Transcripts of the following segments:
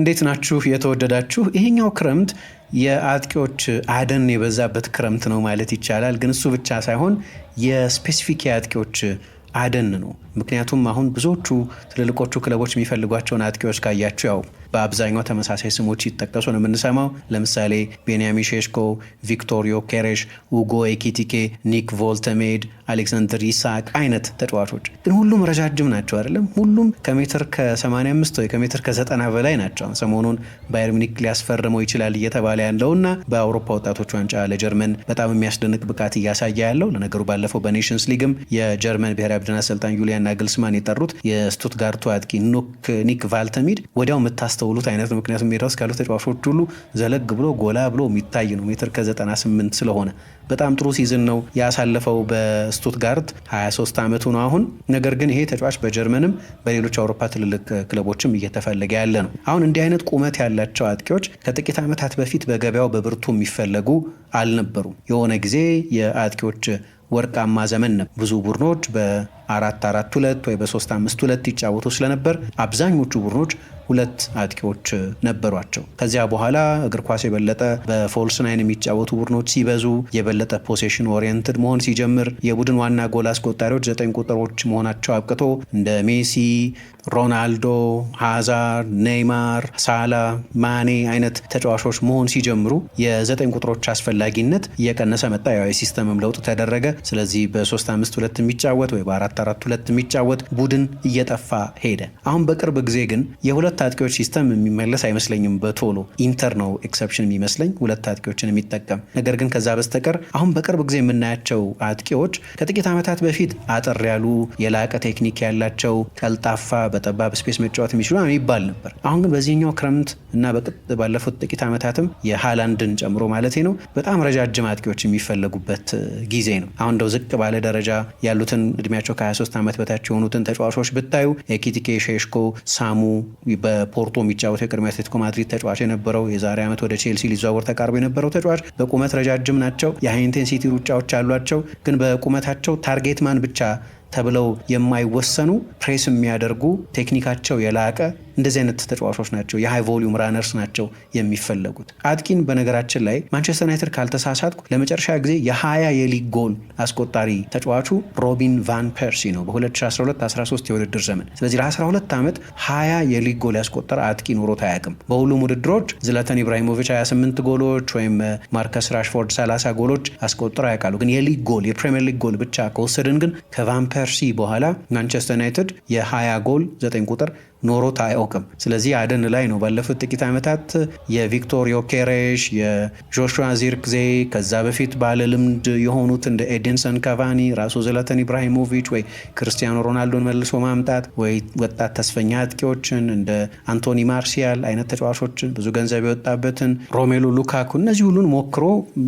እንዴት ናችሁ የተወደዳችሁ? ይሄኛው ክረምት የአጥቂዎች አደን የበዛበት ክረምት ነው ማለት ይቻላል። ግን እሱ ብቻ ሳይሆን የስፔሲፊክ የአጥቂዎች አደን ነው። ምክንያቱም አሁን ብዙዎቹ ትልልቆቹ ክለቦች የሚፈልጓቸውን አጥቂዎች ካያችሁ ያው በአብዛኛው ተመሳሳይ ስሞች ይጠቀሱ ነው የምንሰማው። ለምሳሌ ቤንያሚን ሼሽኮ፣ ቪክቶሪዮ ኬሬሽ፣ ውጎ ኤኪቲኬ፣ ኒክ ቮልተሜድ፣ አሌክሳንድር ይስሐቅ አይነት ተጫዋቾች ግን ሁሉም ረጃጅም ናቸው አይደለም። ሁሉም ከሜትር ከ85 ወይ ከሜትር ከ90 በላይ ናቸው። ሰሞኑን ባየር ሚኒክ ሊያስፈርመው ይችላል እየተባለ ያለውና በአውሮፓ ወጣቶች ዋንጫ ለጀርመን በጣም የሚያስደንቅ ብቃት እያሳየ ያለው ለነገሩ ባለፈው በኔሽንስ ሊግም የጀርመን ብሔራዊ ቡድን አሰልጣኝ ዩሊያን ናግልስማን የጠሩት የስቱትጋርቱ አጥቂ ኒክ ቫልተሚድ ወዲያው የምታስተው የምታስተውሉት አይነት ነው። ምክንያቱም ሜዳ ውስጥ ካሉት ተጫዋቾች ሁሉ ዘለግ ብሎ ጎላ ብሎ የሚታይ ነው። ሜትር ከ98 ስለሆነ በጣም ጥሩ ሲዝን ነው ያሳለፈው በስቱትጋርት 23 ዓመቱ ነው አሁን። ነገር ግን ይሄ ተጫዋች በጀርመንም በሌሎች አውሮፓ ትልልቅ ክለቦችም እየተፈለገ ያለ ነው። አሁን እንዲህ አይነት ቁመት ያላቸው አጥቂዎች ከጥቂት ዓመታት በፊት በገበያው በብርቱ የሚፈለጉ አልነበሩም። የሆነ ጊዜ የአጥቂዎች ወርቃማ ዘመን ነበር። ብዙ ቡድኖች በ442 ወይ በ352 ይጫወቱ ስለነበር አብዛኞቹ ቡድኖች ሁለት አጥቂዎች ነበሯቸው። ከዚያ በኋላ እግር ኳስ የበለጠ በፎልስ ናይን የሚጫወቱ ቡድኖች ሲበዙ የበለጠ ፖሴሽን ኦሪየንትድ መሆን ሲጀምር የቡድን ዋና ጎል አስቆጣሪዎች ዘጠኝ ቁጥሮች መሆናቸው አብቅቶ እንደ ሜሲ፣ ሮናልዶ፣ ሃዛር፣ ኔይማር፣ ሳላ፣ ማኔ አይነት ተጫዋቾች መሆን ሲጀምሩ የዘጠኝ ቁጥሮች አስፈላጊነት እየቀነሰ መጣ። ያው የሲስተምም ለውጥ ተደረገ። ስለዚህ በ352 የሚጫወት ወይ በ442 ሁለት የሚጫወት ቡድን እየጠፋ ሄደ። አሁን በቅርብ ጊዜ ግን የሁለት ሁለት አጥቂዎች ሲስተም የሚመለስ አይመስለኝም። በቶሎ ኢንተር ነው ኤክሰፕሽን የሚመስለኝ ሁለት አጥቂዎችን የሚጠቀም ነገር ግን ከዛ በስተቀር አሁን በቅርብ ጊዜ የምናያቸው አጥቂዎች ከጥቂት ዓመታት በፊት አጠር ያሉ የላቀ ቴክኒክ ያላቸው ቀልጣፋ፣ በጠባብ ስፔስ መጫወት የሚችሉ ይባል ነበር። አሁን ግን በዚህኛው ክረምት እና ባለፉት ጥቂት ዓመታትም የሃላንድን ጨምሮ ማለት ነው በጣም ረጃጅም አጥቂዎች የሚፈለጉበት ጊዜ ነው። አሁን እንደው ዝቅ ባለ ደረጃ ያሉትን እድሜያቸው ከ23 ዓመት በታች የሆኑትን ተጫዋቾች ብታዩ የኪቲኬ ሼሽኮ፣ ሳሙ በፖርቶ የሚጫወት የቅድሚያ አትሌቲኮ ማድሪድ ተጫዋች የነበረው የዛሬ ዓመት ወደ ቼልሲ ሊዘዋወር ተቃርቦ የነበረው ተጫዋች በቁመት ረጃጅም ናቸው፣ የሃይ ኢንቴንሲቲ ሩጫዎች አሏቸው። ግን በቁመታቸው ታርጌት ማን ብቻ ተብለው የማይወሰኑ ፕሬስ የሚያደርጉ ቴክኒካቸው የላቀ እንደዚህ አይነት ተጫዋቾች ናቸው፣ የሃይ ቮሊዩም ራነርስ ናቸው የሚፈለጉት። አጥቂን በነገራችን ላይ ማንቸስተር ዩናይትድ ካልተሳሳትኩ ለመጨረሻ ጊዜ የ20 የሊግ ጎል አስቆጣሪ ተጫዋቹ ሮቢን ቫን ፐርሲ ነው በ2012/13 የውድድር ዘመን። ስለዚህ ለ12 ዓመት 20 የሊግ ጎል ያስቆጠረ አጥቂ ኖሮት አያውቅም። በሁሉም ውድድሮች ዝለተን ኢብራሂሞቪች 28 ጎሎች ወይም ማርከስ ራሽፎርድ 30 ጎሎች አስቆጥረው ያውቃሉ። ግን የሊግ ጎል የፕሪምየር ሊግ ጎል ብቻ ከወሰድን ግን ከቫን ፐርሲ ከቸልሲ በኋላ ማንቸስተር ዩናይትድ የ20 ጎል 9 ቁጥር ኖሮት አያውቅም። ስለዚህ አደን ላይ ነው ባለፉት ጥቂት ዓመታት የቪክቶር ዮኬሬሽ፣ የጆሹዋ ዚርክዜ ከዛ በፊት ባለ ልምድ የሆኑት እንደ ኤዲንሰን ካቫኒ፣ ራሱ ዘለተን ኢብራሂሞቪች ወይ ክርስቲያኖ ሮናልዶን መልሶ ማምጣት ወይ ወጣት ተስፈኛ አጥቂዎችን እንደ አንቶኒ ማርሲያል አይነት ተጫዋቾችን ብዙ ገንዘብ የወጣበትን ሮሜሎ ሉካኩ እነዚህ ሁሉን ሞክሮ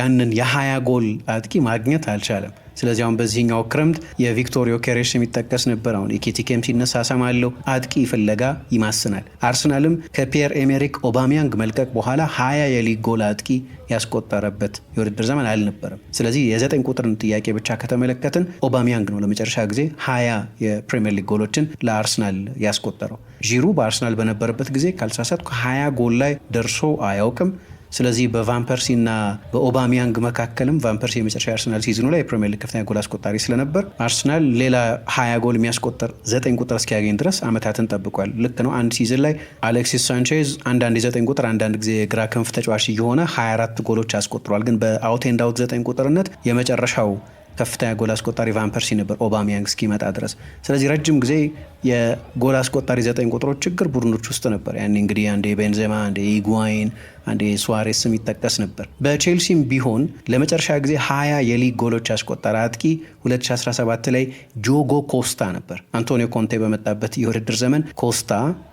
ያንን የሀያ ጎል አጥቂ ማግኘት አልቻለም። ስለዚህ አሁን በዚህኛው ክረምት የቪክቶሪዮ ኬሬሽ የሚጠቀስ ነበር። አሁን ኢኬቲኬም ሲነሳ ሰማለው አጥቂ ፍለጋ ይማስናል። አርሰናልም ከፒየር ኤሜሪክ ኦባሚያንግ መልቀቅ በኋላ ሀያ የሊግ ጎል አጥቂ ያስቆጠረበት የውድድር ዘመን አልነበረም። ስለዚህ የዘጠኝ ቁጥርን ጥያቄ ብቻ ከተመለከትን ኦባሚያንግ ነው ለመጨረሻ ጊዜ ሀያ የፕሪምየር ሊግ ጎሎችን ለአርሰናል ያስቆጠረው። ዢሩ በአርሰናል በነበረበት ጊዜ ካልሳሳት ከሀያ ጎል ላይ ደርሶ አያውቅም። ስለዚህ እና በኦባሚያንግ መካከልም ቫንፐርሲ የመጨረሻ አርሰናል ሲዝኑ ላይ የፕሪሚየር ሊግ ከፍተኛ ጎል አስቆጣሪ ስለነበር አርሰናል ሌላ ሀያ ጎል የሚያስቆጠር ዘጠኝ ቁጥር እስኪያገኝ ድረስ አመታትን ጠብቋል። ልክ ነው። አንድ ሲዝን ላይ አሌክሲስ ሳንቼዝ አንዳንድ የዘጠኝ ቁጥር አንዳንድ ጊዜ የግራ ክንፍ ተጫዋች እየሆነ 24 ጎሎች አስቆጥሯል። ግን በአውት ኤንድ አውት ዘጠኝ ቁጥርነት የመጨረሻው ከፍተኛ ጎል አስቆጣሪ ቫምፐርሲ ነበር ኦባሚያንግ እስኪመጣ ድረስ። ስለዚህ ረጅም ጊዜ የጎል አስቆጣሪ ዘጠኝ ቁጥሮች ችግር ቡድኖች ውስጥ ነበር። ያኔ እንግዲህ አንዴ ቤንዜማ፣ አንዴ ኢጓይን፣ አንዴ ሱዋሬስ የሚጠቀስ ይጠቀስ ነበር። በቼልሲም ቢሆን ለመጨረሻ ጊዜ ሀያ የሊግ ጎሎች ያስቆጠረ አጥቂ 2017 ላይ ጆጎ ኮስታ ነበር። አንቶኒዮ ኮንቴ በመጣበት የውድድር ዘመን ኮስታ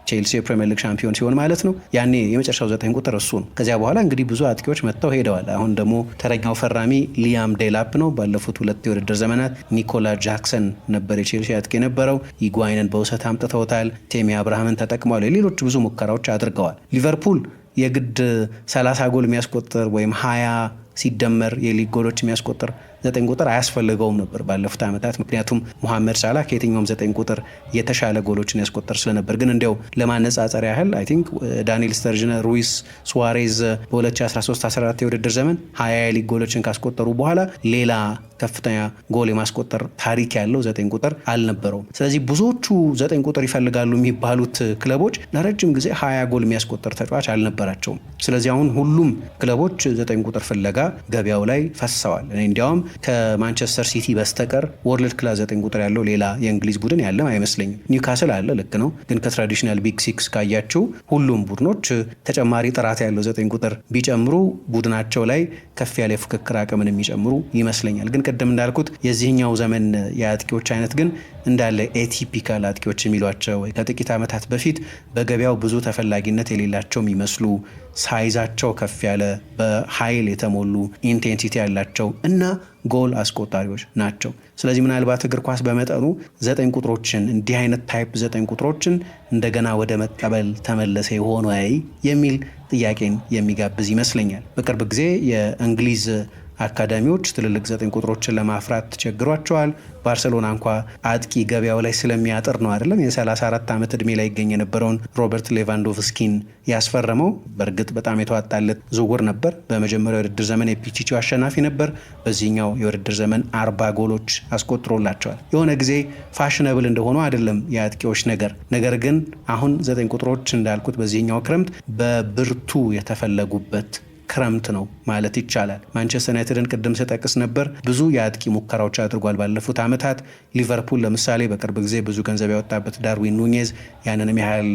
ቼልሲ የፕሪምየር ሊግ ሻምፒዮን ሲሆን ማለት ነው። ያኔ የመጨረሻው ዘጠኝ ቁጥር እሱ ነው። ከዚያ በኋላ እንግዲህ ብዙ አጥቂዎች መጥተው ሄደዋል። አሁን ደግሞ ተረኛው ፈራሚ ሊያም ዴላፕ ነው። ባለፉት ሁለት የውድድር ዘመናት ኒኮላ ጃክሰን ነበር የቼልሲ አጥቂ የነበረው። ኢጓይንን በውሰት አምጥተውታል። ቴሚ አብርሃምን ተጠቅመዋል። የሌሎች ብዙ ሙከራዎች አድርገዋል። ሊቨርፑል የግድ 30 ጎል የሚያስቆጥር ወይም 20 ሲደመር የሊግ ጎሎች የሚያስቆጥር ዘጠኝ ቁጥር አያስፈልገውም ነበር ባለፉት ዓመታት። ምክንያቱም ሙሐመድ ሳላ ከየትኛውም ዘጠኝ ቁጥር የተሻለ ጎሎችን ያስቆጠር ስለነበር። ግን እንዲያው ለማነጻጸር ያህል አይ ቲንክ ዳንኤል ስተርጅነ፣ ሩይስ ሱዋሬዝ በ2013/14 የውድድር ዘመን ሀያ የሊግ ጎሎችን ካስቆጠሩ በኋላ ሌላ ከፍተኛ ጎል የማስቆጠር ታሪክ ያለው ዘጠኝ ቁጥር አልነበረውም። ስለዚህ ብዙዎቹ ዘጠኝ ቁጥር ይፈልጋሉ የሚባሉት ክለቦች ለረጅም ጊዜ ሀያ ጎል የሚያስቆጠር ተጫዋች አልነበራቸውም። ስለዚህ አሁን ሁሉም ክለቦች ዘጠኝ ቁጥር ፍለጋ ገበያው ላይ ፈሰዋል። እኔ እንዲያውም ከማንቸስተር ሲቲ በስተቀር ወርልድ ክላስ ዘጠኝ ቁጥር ያለው ሌላ የእንግሊዝ ቡድን ያለም አይመስለኝም። ኒውካስል አለ፣ ልክ ነው። ግን ከትራዲሽናል ቢግ ሲክስ ካያችው ሁሉም ቡድኖች ተጨማሪ ጥራት ያለው ዘጠኝ ቁጥር ቢጨምሩ ቡድናቸው ላይ ከፍ ያለ የፉክክር አቅምን የሚጨምሩ ይመስለኛል ግን ቅድም እንዳልኩት የዚህኛው ዘመን የአጥቂዎች አይነት ግን እንዳለ ኤቲፒካል አጥቂዎች የሚሏቸው ከጥቂት ዓመታት በፊት በገበያው ብዙ ተፈላጊነት የሌላቸው የሚመስሉ ሳይዛቸው ከፍ ያለ በኃይል የተሞሉ ኢንቴንሲቲ ያላቸው እና ጎል አስቆጣሪዎች ናቸው። ስለዚህ ምናልባት እግር ኳስ በመጠኑ ዘጠኝ ቁጥሮችን እንዲህ አይነት ታይፕ ዘጠኝ ቁጥሮችን እንደገና ወደ መቀበል ተመለሰ የሆነ የሚል ጥያቄን የሚጋብዝ ይመስለኛል። በቅርብ ጊዜ የእንግሊዝ አካዳሚዎች ትልልቅ ዘጠኝ ቁጥሮችን ለማፍራት ቸግሯቸዋል። ባርሰሎና እንኳ አጥቂ ገበያው ላይ ስለሚያጥር ነው አይደለም የ34 ዓመት ዕድሜ ላይ ይገኝ የነበረውን ሮበርት ሌቫንዶቭስኪን ያስፈረመው። በእርግጥ በጣም የተዋጣለት ዝውውር ነበር። በመጀመሪያው የውድድር ዘመን የፒቺቺው አሸናፊ ነበር። በዚህኛው የውድድር ዘመን አርባ ጎሎች አስቆጥሮላቸዋል። የሆነ ጊዜ ፋሽነብል እንደሆኑ አይደለም የአጥቂዎች ነገር። ነገር ግን አሁን ዘጠኝ ቁጥሮች እንዳልኩት በዚህኛው ክረምት በብርቱ የተፈለጉበት ክረምት ነው ማለት ይቻላል። ማንቸስተር ዩናይትድን ቅድም ስጠቅስ ነበር ብዙ የአጥቂ ሙከራዎች አድርጓል ባለፉት ዓመታት። ሊቨርፑል ለምሳሌ በቅርብ ጊዜ ብዙ ገንዘብ ያወጣበት ዳርዊን ኑኔዝ ያንንም ያህል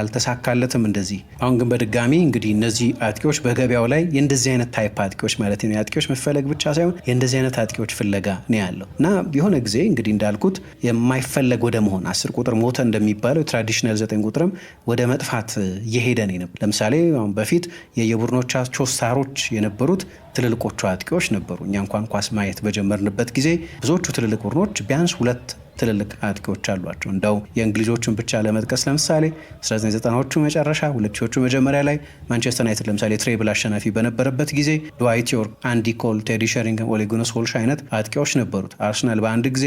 አልተሳካለትም። እንደዚህ አሁን ግን በድጋሚ እንግዲህ እነዚህ አጥቂዎች በገበያው ላይ የእንደዚህ አይነት ታይፕ አጥቂዎች ማለት ነው የአጥቂዎች መፈለግ ብቻ ሳይሆን የእንደዚህ አይነት አጥቂዎች ፍለጋ ነው ያለው እና የሆነ ጊዜ እንግዲህ እንዳልኩት የማይፈለግ ወደ መሆን አስር ቁጥር ሞተ እንደሚባለው የትራዲሽናል ዘጠኝ ቁጥርም ወደ መጥፋት እየሄደ ነው። ለምሳሌ በፊት የየቡድኖቻቸው ሳሮች የነበሩት ትልልቆቹ አጥቂዎች ነበሩ። እኛ እንኳን ኳስ ማየት በጀመርንበት ጊዜ ብዙዎቹ ትልልቅ ቡድኖች ቢያንስ ሁለት ትልልቅ አጥቂዎች አሏቸው። እንደው የእንግሊዞቹን ብቻ ለመጥቀስ ለምሳሌ 1990ዎቹ መጨረሻ 2000ዎቹ መጀመሪያ ላይ ማንቸስተር ዩናይትድ ለምሳሌ ትሬብል አሸናፊ በነበረበት ጊዜ ድዋይት ዮርክ፣ አንዲ ኮል፣ ቴዲ ሸሪንግ፣ ኦሌ ጉነር አይነት አጥቂዎች ነበሩት። አርሰናል በአንድ ጊዜ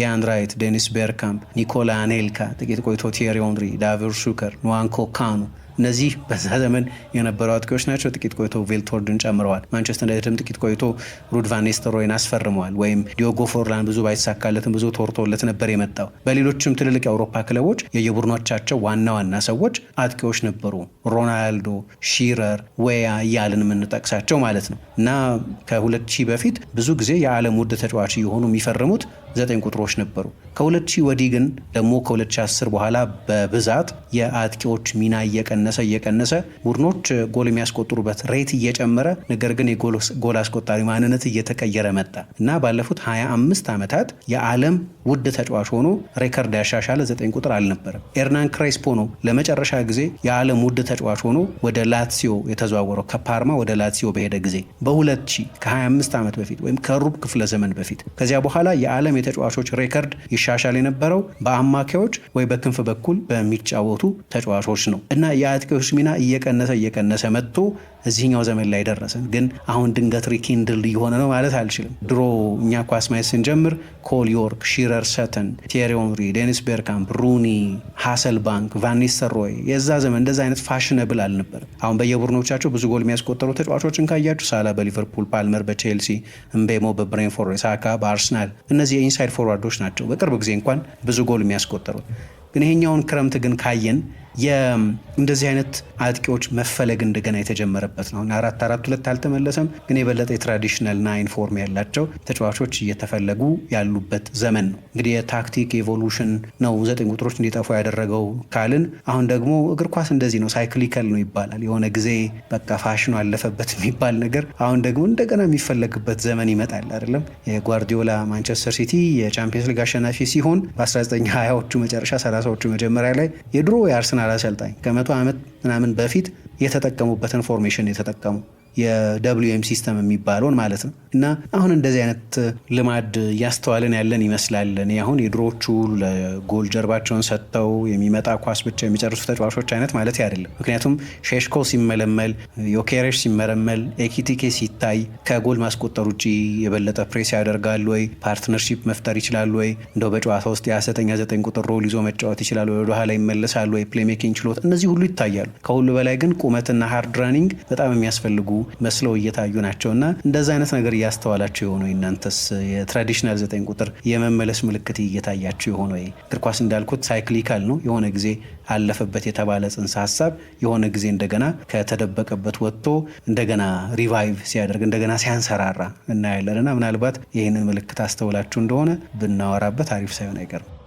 ኢያን ራይት፣ ዴኒስ ቤርካምፕ፣ ኒኮላ አኔልካ፣ ጥቂት ቆይቶ ቲየሪ ኦንሪ፣ ዳቪድ ሹከር፣ ንዋንኮ ካኑ እነዚህ በዛ ዘመን የነበሩ አጥቂዎች ናቸው። ጥቂት ቆይቶ ቬልቶርድን ጨምረዋል። ማንቸስተር ዩናይትድም ጥቂት ቆይቶ ሩድ ቫን ኒስተልሮይን አስፈርመዋል። ወይም ዲዮጎ ፎርላን ብዙ ባይሳካለትም ብዙ ተወርቶለት ነበር የመጣው። በሌሎችም ትልልቅ የአውሮፓ ክለቦች የየቡድኖቻቸው ዋና ዋና ሰዎች አጥቂዎች ነበሩ። ሮናልዶ፣ ሺረር፣ ወያ እያልን የምንጠቅሳቸው ማለት ነው እና ከሁለት ሺህ በፊት ብዙ ጊዜ የዓለም ውድ ተጫዋች የሆኑ የሚፈርሙት ዘጠኝ ቁጥሮች ነበሩ። ከ2000 ወዲህ ግን ደግሞ ከ2010 በኋላ በብዛት የአጥቂዎች ሚና እየቀነሰ እየቀነሰ ቡድኖች ጎል የሚያስቆጥሩበት ሬት እየጨመረ ነገር ግን የጎል አስቆጣሪ ማንነት እየተቀየረ መጣ እና ባለፉት 25 ዓመታት የዓለም ውድ ተጫዋች ሆኖ ሬከርድ ያሻሻለ ዘጠኝ ቁጥር አልነበረም። ኤርናን ክሬስፖ ነው ለመጨረሻ ጊዜ የዓለም ውድ ተጫዋች ሆኖ ወደ ላትሲዮ የተዘዋወረው ከፓርማ ወደ ላትሲዮ በሄደ ጊዜ በ2000 ከ25 ዓመት በፊት ወይም ከሩብ ክፍለ ዘመን በፊት ከዚያ በኋላ የዓለም የሁለቱም የተጫዋቾች ሬከርድ ይሻሻል የነበረው በአማካዮች ወይ በክንፍ በኩል በሚጫወቱ ተጫዋቾች ነው እና የአጥቂዎች ሚና እየቀነሰ እየቀነሰ መጥቶ እዚህኛው ዘመን ላይ ደረሰን። ግን አሁን ድንገት ሪኪንድል እየሆነ ነው ማለት አልችልም። ድሮ እኛ ኳስ ማየት ስንጀምር ኮል ዮርክ፣ ሺረር ሰተን፣ ቴሪ ኦንሪ፣ ዴኒስ ቤርካምፕ፣ ሩኒ፣ ሃሰል ባንክ፣ ሮይ የዛ ዘመን እንደዚ አይነት ፋሽነብል አልነበር። አሁን በየቡድኖቻቸው ብዙ ጎል የሚያስቆጠሩ ተጫዋቾችን ካያችሁ ሳላ በሊቨርፑል፣ ፓልመር በቼልሲ፣ እምቤሞ በብሬንፎር፣ ሳካ በአርሰናል እነዚህ ኢንሳይድ ፎርዋርዶች ናቸው። በቅርብ ጊዜ እንኳን ብዙ ጎል የሚያስቆጠሩት ግን ይሄኛውን ክረምት ግን ካየን እንደዚህ አይነት አጥቂዎች መፈለግ እንደገና የተጀመረበት ነው። አራት አራት ሁለት አልተመለሰም፣ ግን የበለጠ የትራዲሽናል ና ፎርም ያላቸው ተጫዋቾች እየተፈለጉ ያሉበት ዘመን ነው። እንግዲህ የታክቲክ ኤቮሉሽን ነው ዘጠኝ ቁጥሮች እንዲጠፉ ያደረገው ካልን፣ አሁን ደግሞ እግር ኳስ እንደዚህ ነው፣ ሳይክሊካል ነው ይባላል። የሆነ ጊዜ በቃ ፋሽኑ አለፈበት የሚባል ነገር አሁን ደግሞ እንደገና የሚፈለግበት ዘመን ይመጣል አይደለም። የጓርዲዮላ ማንቸስተር ሲቲ የቻምፒየንስ ሊግ አሸናፊ ሲሆን በ1920ዎቹ መጨረሻ 30ዎቹ መጀመሪያ ላይ የድሮ የአርሰናል አሰልጣኝ ከመቶ ዓመት ምናምን በፊት የተጠቀሙበትን ፎርሜሽን የተጠቀሙ የደብሊውኤም ሲስተም የሚባለውን ማለት ነው። እና አሁን እንደዚህ አይነት ልማድ እያስተዋልን ያለን ይመስላል። አሁን የድሮዎቹ ለጎል ጀርባቸውን ሰጥተው የሚመጣ ኳስ ብቻ የሚጨርሱ ተጫዋቾች አይነት ማለት አይደለም። ምክንያቱም ሼሽኮ ሲመለመል፣ ዮኬሬሽ ሲመረመል፣ ኤኪቲኬ ሲታይ ከጎል ማስቆጠር ውጭ የበለጠ ፕሬስ ያደርጋል ወይ ፓርትነርሺፕ መፍጠር ይችላል ወይ እንደው በጨዋታ ውስጥ የዘጠኛ ዘጠኝ ቁጥር ሮል ይዞ መጫወት ይችላል ወይ ወደኋላ ይመለሳል ወይ ፕሌሜኪንግ ችሎት እነዚህ ሁሉ ይታያሉ። ከሁሉ በላይ ግን ቁመትና ሃርድ ራኒንግ በጣም የሚያስፈልጉ መስለው እየታዩ ናቸው እና እንደዛ አይነት ነገር እያስተዋላቸው የሆነ እናንተስ የትራዲሽናል ዘጠኝ ቁጥር የመመለስ ምልክት እየታያቸው የሆነ እግር ኳስ እንዳልኩት ሳይክሊካል ነው። የሆነ ጊዜ አለፈበት የተባለ ጽንሰ ሀሳብ የሆነ ጊዜ እንደገና ከተደበቀበት ወጥቶ እንደገና ሪቫይቭ ሲያደርግ እንደገና ሲያንሰራራ እናያለን እና ምናልባት ይህንን ምልክት አስተውላችሁ እንደሆነ ብናወራበት አሪፍ ሳይሆን አይቀርም።